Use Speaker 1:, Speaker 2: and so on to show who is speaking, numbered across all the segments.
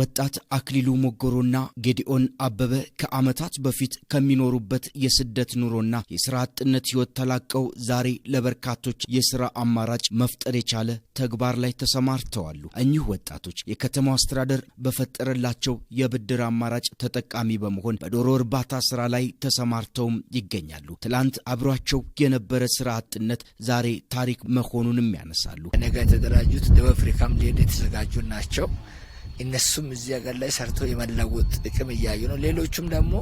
Speaker 1: ወጣት አክሊሉ ሞጎሮና ጌዲኦን አበበ ከዓመታት በፊት ከሚኖሩበት የስደት ኑሮና የሥራ አጥነት ሕይወት ተላቀው ዛሬ ለበርካቶች የሥራ አማራጭ መፍጠር የቻለ ተግባር ላይ ተሰማርተዋሉ። እኚህ ወጣቶች የከተማው አስተዳደር በፈጠረላቸው የብድር አማራጭ ተጠቃሚ በመሆን በዶሮ እርባታ ሥራ ላይ ተሰማርተውም ይገኛሉ። ትላንት አብሯቸው የነበረ ሥራ አጥነት ዛሬ ታሪክ መሆኑንም ያነሳሉ።
Speaker 2: ነገ የተደራጁት ደቡብ አፍሪካም ሊሄድ የተዘጋጁ ናቸው። እነሱም እዚህ ሀገር ላይ ሰርቶ የመለወጥ ጥቅም እያዩ ነው። ሌሎቹም ደግሞ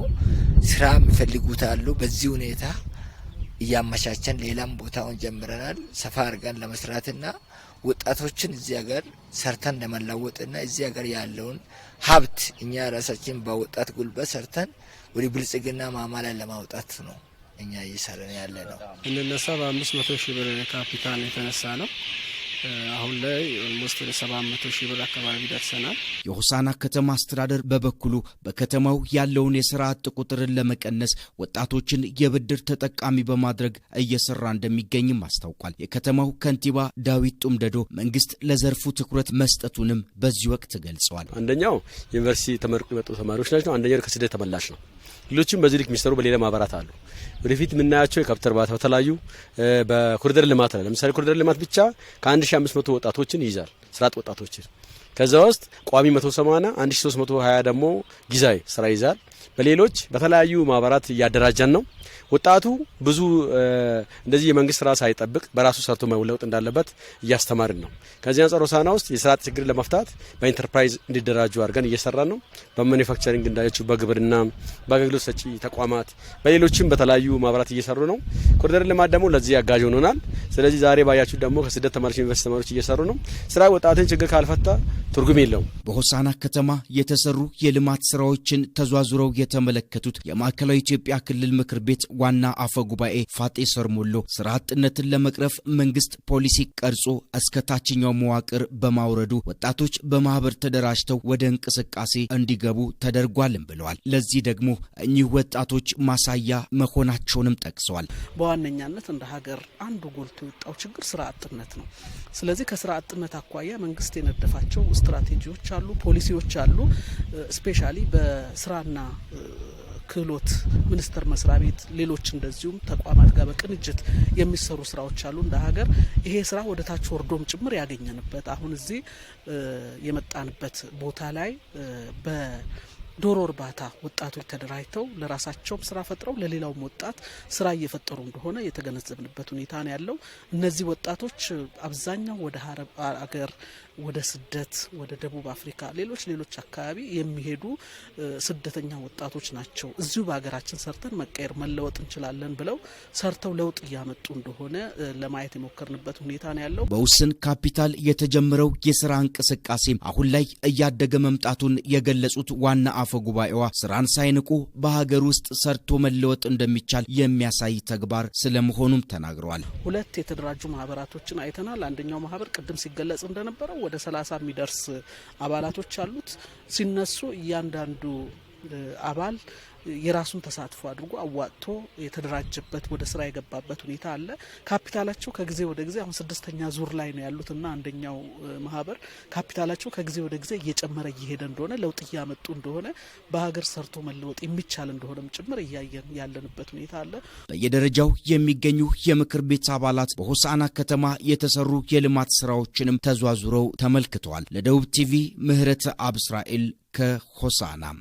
Speaker 2: ስራ የሚፈልጉት አሉ። በዚህ ሁኔታ እያመቻቸን ሌላም ቦታውን ጀምረናል ሰፋ አድርገን ለመስራትና ወጣቶችን እዚህ ሀገር ሰርተን ለመለወጥና እዚህ ሀገር ያለውን ሀብት እኛ ራሳችን በወጣት ጉልበት ሰርተን ወደ ብልጽግና ማማ ላይ ለማውጣት ነው እኛ እየሰራን ያለ ነው።
Speaker 3: እንነሳ በአምስት መቶ ሺህ ብር ካፒታል የተነሳ ነው። አሁን ላይ ኦልሞስት ወደ ሰባ መቶ ሺህ ብር አካባቢ ደርሰናል።
Speaker 1: የሆሳና ከተማ አስተዳደር በበኩሉ በከተማው ያለውን የስራ አጥ ቁጥርን ለመቀነስ ወጣቶችን የብድር ተጠቃሚ በማድረግ እየሰራ እንደሚገኝም አስታውቋል። የከተማው ከንቲባ ዳዊት ጡምደዶ መንግስት ለዘርፉ ትኩረት መስጠቱንም በዚህ ወቅት ገልጸዋል።
Speaker 4: አንደኛው ዩኒቨርሲቲ ተመርቆ የመጡ ተማሪዎች ናቸው። አንደኛው ከስደት ተመላሽ ነው። ሌሎችም በዚህ ልክ የሚሰሩ በሌላ ማህበራት አሉ። ወደፊት የምናያቸው የከብት እርባታ በተለያዩ በኮሪደር ልማት ላይ ለምሳሌ ኮሪደር ልማት ብቻ ከ1500 ወጣቶችን ይይዛል፣ ስርዓት ወጣቶችን ከዛ ውስጥ ቋሚ 180 1320 ደግሞ ጊዜያዊ ስራ ይይዛል። በሌሎች በተለያዩ ማህበራት እያደራጀን ነው። ወጣቱ ብዙ እንደዚህ የመንግስት ስራ ሳይጠብቅ በራሱ ሰርቶ መለወጥ እንዳለበት እያስተማርን ነው። ከዚህ አንጻር ሆሳዕና ውስጥ የስራ ችግር ለመፍታት በኢንተርፕራይዝ እንዲደራጁ አድርገን እየሰራን ነው። በማኒፋክቸሪንግ እንዳያችሁ፣ በግብርና፣ በአገልግሎት ሰጪ ተቋማት፣ በሌሎችም በተለያዩ ማህበራት እየሰሩ ነው። ኮሪደር ልማት ደግሞ ለዚህ አጋዥ ሆኖናል። ስለዚህ ዛሬ ባያችሁ ደግሞ ከስደት ተማሪዎች ዩኒቨርስቲ ተማሪዎች እየሰሩ ነው። ስራ ወጣትን ችግር ካልፈታ ትርጉም የለውም።
Speaker 1: በሆሳና ከተማ የተሰሩ የልማት ስራዎችን ተዟዙረው የተመለከቱት የማዕከላዊ ኢትዮጵያ ክልል ምክር ቤት ዋና አፈ ጉባኤ ፋጤ ሰርሞሎ ስራ አጥነትን ለመቅረፍ መንግስት ፖሊሲ ቀርጾ እስከ ታችኛው መዋቅር በማውረዱ ወጣቶች በማህበር ተደራጅተው ወደ እንቅስቃሴ እንዲገቡ ተደርጓልም ብለዋል። ለዚህ ደግሞ እኚህ ወጣቶች ማሳያ መሆናቸውንም ጠቅሰዋል።
Speaker 5: በዋነኛነት እንደ ሀገር አንዱ ጎልቶ የወጣው ችግር ስራ አጥነት ነው። ስለዚህ ከስራ አጥነት አኳያ መንግስት የነደፋቸው ስትራቴጂዎች አሉ፣ ፖሊሲዎች አሉ። ስፔሻሊ በስራና ክህሎት ሚኒስቴር መስሪያ ቤት ሌሎች እንደዚሁም ተቋማት ጋር በቅንጅት የሚሰሩ ስራዎች አሉ። እንደ ሀገር ይሄ ስራ ወደ ታች ወርዶም ጭምር ያገኘንበት አሁን እዚህ የመጣንበት ቦታ ላይ ዶሮ እርባታ ወጣቶች ተደራጅተው ለራሳቸውም ስራ ፈጥረው ለሌላውም ወጣት ስራ እየፈጠሩ እንደሆነ የተገነዘብንበት ሁኔታ ነው ያለው። እነዚህ ወጣቶች አብዛኛው ወደ አረብ አገር፣ ወደ ስደት፣ ወደ ደቡብ አፍሪካ፣ ሌሎች ሌሎች አካባቢ የሚሄዱ ስደተኛ ወጣቶች ናቸው። እዚሁ በሀገራችን ሰርተን መቀየር መለወጥ እንችላለን ብለው ሰርተው ለውጥ እያመጡ እንደሆነ ለማየት የሞከርንበት ሁኔታ ነው ያለው።
Speaker 1: በውስን ካፒታል የተጀመረው የስራ እንቅስቃሴ አሁን ላይ እያደገ መምጣቱን የገለጹት ዋና አፈ ጉባኤዋ ስራን ሳይንቁ በሀገር ውስጥ ሰርቶ መለወጥ እንደሚቻል የሚያሳይ ተግባር ስለመሆኑም ተናግረዋል።
Speaker 5: ሁለት የተደራጁ ማህበራቶችን አይተናል። አንደኛው ማህበር ቅድም ሲገለጽ እንደነበረው ወደ ሰላሳ የሚደርስ አባላቶች አሉት። ሲነሱ እያንዳንዱ አባል የራሱን ተሳትፎ አድርጎ አዋጥቶ የተደራጀበት ወደ ስራ የገባበት ሁኔታ አለ። ካፒታላቸው ከጊዜ ወደ ጊዜ አሁን ስድስተኛ ዙር ላይ ነው ያሉትና አንደኛው ማህበር ካፒታላቸው ከጊዜ ወደ ጊዜ እየጨመረ እየሄደ እንደሆነ ለውጥ እያመጡ እንደሆነ በሀገር ሰርቶ መለወጥ የሚቻል እንደሆነም ጭምር እያየን ያለንበት ሁኔታ አለ።
Speaker 1: በየደረጃው የሚገኙ የምክር ቤት አባላት በሆሳና ከተማ የተሰሩ የልማት ስራዎችንም ተዟዙረው ተመልክተዋል። ለደቡብ ቲቪ ምህረት አብስራኤል ከሆሳና